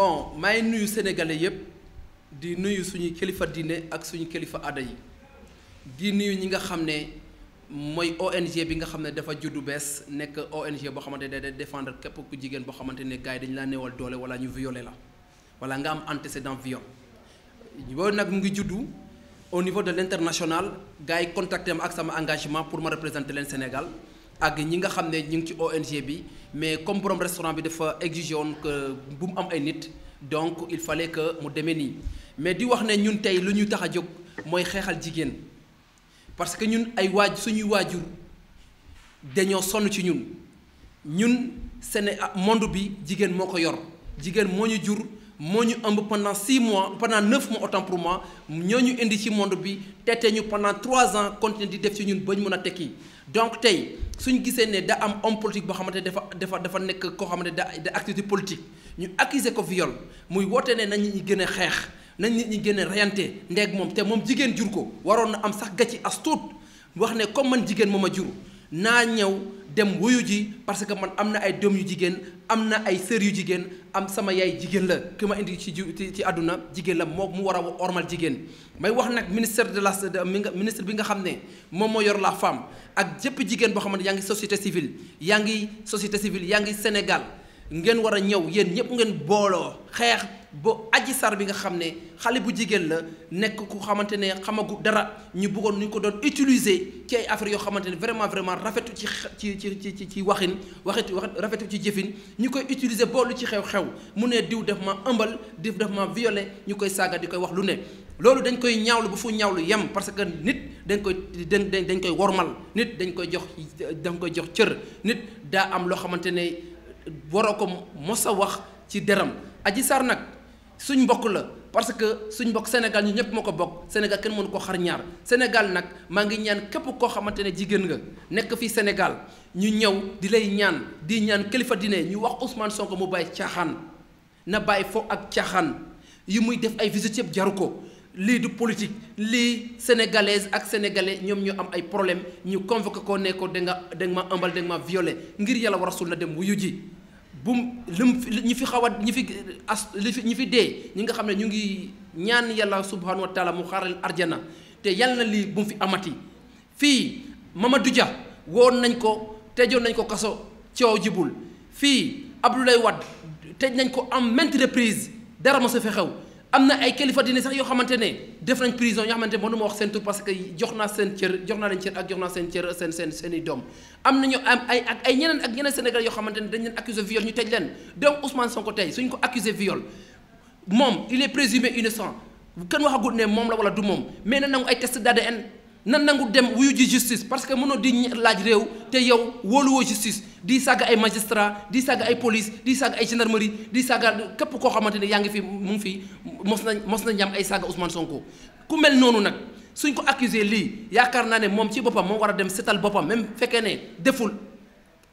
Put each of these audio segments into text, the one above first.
bon maay nuyu sénégalais yëpp di nuyu suñuy kilifa diine ak suñu kilifa aada yi di nuyu ñi nga xam ne mooy ONG bi nga xam ne dafa juddu bees nekk ONG boo xamante ne day défendre képp ku jigéen boo xamante ne gars dañ laa neewal doole wala ñu violé la wala nga am antécédent viol boobu nag mu ngi juddu au niveau de l' international gars yi contacté ma ak sama engagement pour ma représenter leen Sénégal. ak ñi nga xam ne ñu ngi ci ONG bi mais comme borom restaurant bi dafa exigé woon que bu mu am ay nit donc il fallait que mu demee nii mais di wax ne ñun tey lu ñuy tax a jóg mooy xeexal jigéen parce que ñun ay waaj suñuy waajur dañoo sonn ci ñun ñun seen monde bi jigéen moo ko yor jigéen moo ñu jur moo ñu ëmb pendant six mois pendant neuf mois autant pour moi ñoo ñu indi ci monde bi tete ñu pendant trois ans continuer di def ci ñun ba ñu mën a tekki donc tey suñu gisee ne da am homme politique boo xamante ne dafa dafa dafa nekk koo xamante ne da da activité politique ñu accuser ko viol muy woote ne nañ ñi gën a xeex nañ nit ñi gën a reyante ndeeg moom te moom jigéen jur ko waroon na am sax gàcci as tuut wax ne comme man jigéen moom a jur naa ñëw dem wuyu ji parce que man am na ay doom yu jigéen am na ay sër yu jigéen am sama yaay jigéen la ki ma indi ci ci àdduna jigéen la moo mu war a ormal jigéen may wax nag ministère de la ministre bi nga xam ne moom moo yor la femme ak jëpp jigéen boo xamante yaa ngi société civile yaa ngi société civile yaa ngi Sénégal ngeen war a ñëw yéen ñëpp ngeen booloo xeex ba aji sar bi nga xam ne xale bu jigéen la nekk ku xamante ne xamagu dara ñu bëggoon ñu ko doon utiliser ci ay yoo xamante ne vraiment vraiment rafetu ci ci ci ci ci waxin waxit rafetu ci jëfin ñu koy utiliser boolu ci xew-xew mu ne diw def ma ëmbal diw def ma violé ñu koy saaga di koy wax lu ne loolu dañ koy ñaawlu bu fu ñaawlu yem parce que nit dañ koy dañ dañ koy wormal nit dañ koy jox dañ koy jox cër nit daa am loo xamante ne waroo ko mos a wax ci deram aji sar nag suñ mbokk la parce que suñ mbokk Sénégal ñu ñëpp moo ko bokk Sénégal kenn mënu ko xar ñaar Sénégal nag maa ngi ñaan képp koo xamante ne jigéen nga nekk fii Sénégal ñu ñëw di lay ñaan di ñaan kilifa dine ñu wax Ousmane Sonko mu bàyyi caaxaan na bàyyi fo ak caaxaan yi muy def ay visite yëpp jaru ko lii du politique lii sénégalaise ak sénégalais ñoom ñu am ay problème ñu convoqué ko ne ko da ma ëmbal da nga ma violé ngir yàlla war rasul na dem wuyu ji bu lim ñi fi xaw a ñi fi as ñi fi dee ñi nga xam ne ñu ngi ñaan yàlla subhanahu wa taala mu xaral arjana te yàlla na lii bu fi amati fii Mamadou Dia woon nañ ko tëjoon nañ ko kaso coow jibul fii Abdoulaye Wade tëj nañ ko am maintes dara ma sa fi xew am na ay kilifa dina sax yoo xamante ne def nañ prison yoo xamante ne mënuma wax seen tur parce que jox naa seen cër jox naa leen cër ak jox naa seen cër seen seen seen doom am nañu am ay ak ay ñeneen ak ñeneen Sénégal yoo xamante ne dañ leen accusé viol ñu tëj leen donc Ousmane Sonko tey suñ ko accusé viol moom il est présumé innocent kenn waxagut ne moom la wala du moom mais na nangu ay test d'ADN nan nangu dem wuyu ji justice parce que mënoo di laaj réew te yow wóoluwoo justice di sàgg ay magistrat di sàgg ay police di sàgg ay gendarmerie di sàgg képp koo xamante ne yaa ngi fi mu ngi fi mos nañ mos nañ am ay sàgg Ousmane Sonko ku mel noonu nag suñ ko accusé lii yaakaar naa ne moom ci boppam moo war a dem setal boppam même fekkee ne deful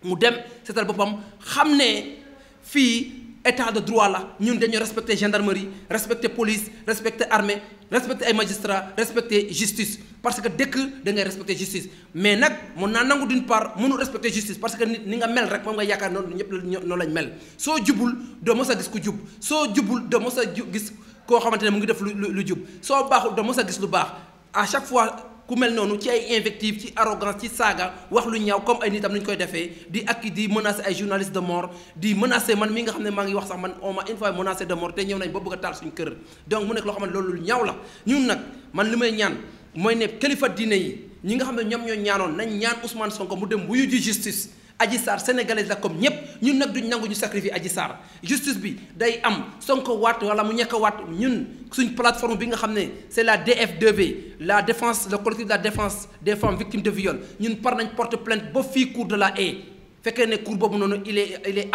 mu dem setal boppam xam ne fii état de droit la ñun dañu respecter gendarmerie respecter police respecter armée respecter ay magistrats respecter justice parce que dëkk da ngay respecter justice mais nag mun naa nangu d'une part mënul respecter justice parce que nit ni nga mel rek moom nga yaakaar noonu ñëpp noonu lañ mel soo jubul doo mës a gis ku jub soo jubul doo mës a gis koo xamante ne mu ngi def lu lu jub soo baaxul doo mës a gis lu baax à chaque fois ku mel noonu ci ay invective ci arrogance ci saaga wax lu ñaaw comme ay am ni ñu koy defee di ak di menacer ay journalistes de mort di menacer man mi nga xam ne maa ngi wax sax man on m'a une fois menacé de mort te ñëw nañ ba bëgg a taal suñu kër donc mu nekk loo xam ne loolu lu la ñun nag man li may ñaan mooy ne kilifa diine yi ñi nga xam ne ñoom ñoo ñaanoon nañ ñaan Ousmane Sonko mu dem wuyu ji justice Adji Sarr sénégalaise la comme ñépp ñun nag duñ nangu ñu sacrifier Adji Sarr justice bi day am Sonko waat wala mu ñekk waat ñun suñ plateforme bi nga xam ne c'est la DF2V la défense de la défense des femmes victimes de viol ñun par nañ porte plainte ba fii cour de la Haye fekkee ne cour boobu noonu il est il est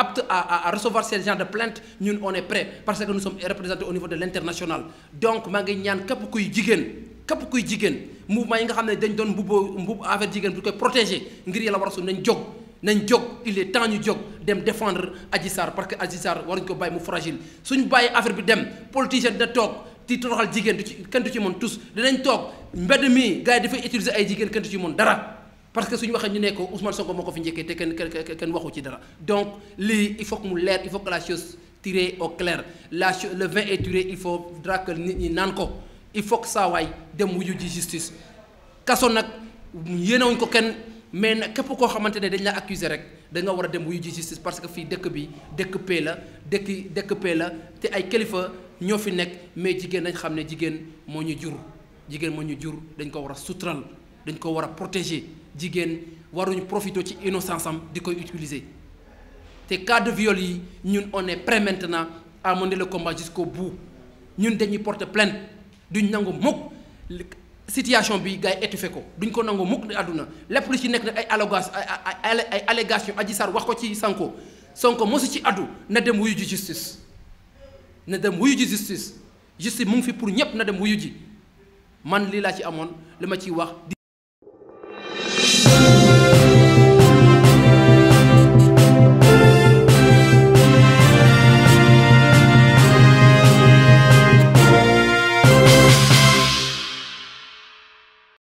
recevoir ce genre de plainte ñun on est parce que nous sommes représentés au niveau de l'international donc maa ngi ñaan képp kuy jigéen képp kuy yi nga xam ne dañ doon mbubboo mbub affaire jigéen bu koy protéger ngir yàlla war a nañ jóg nañ jóg il e temps ñu jóg dem défendre Adji parce que Adji Sarr waruñ ko bàyyi mu fragile suñu bàyyi affaire bi dem politicien da toog di toroxal jigéen du ci kenn du ci mën tous dinañ toog mbedd mi gars yi dafay utiliser ay jigéen kenn du ci mën dara parce que suñu waxee ñu ne ko Ousmane Sonko moo ko fi njëkkee te kenn kenn kenn waxu ci dara donc lii il faut que mu leer il faut que la chose tirée au clair la le vin est tiré il faudra que nit ñi naan ko il faut que saa waay dem wuyu ji justice ko kenn. mais nag képp koo xamante ne dañ la accuser rek da war a dem wuyu ji justice parce que fi dëkk bi dëkk pee la dëkk dëkk pee la te ay kilifa ñoo fi nekk mais jigéen nañ xam ne jigéen moo ñu jur jigéen moo ñu jur dañ ko war a sutral dañ ko war a protéger jigéen waruñu profité ci innocence am di koy utiliser te cas de yi ñun on est prêt maintenant à mener le combat jusqu'au bout ñun dañuy porter plainte duñ nangu mukk situation bi gars yi étouffé ko duñ ko nangoo mukk di àdduna lépp lu ci nekk nag ay allégation ay ay allégation Adji Sarr wax ko ci Sonko Sonko mosu ci addu na dem wuyu ji justice na dem wuyu ji justice justice mu ngi fi pour ñëpp na dem wuyu ji man lii laa ci amoon li ma ciy wax.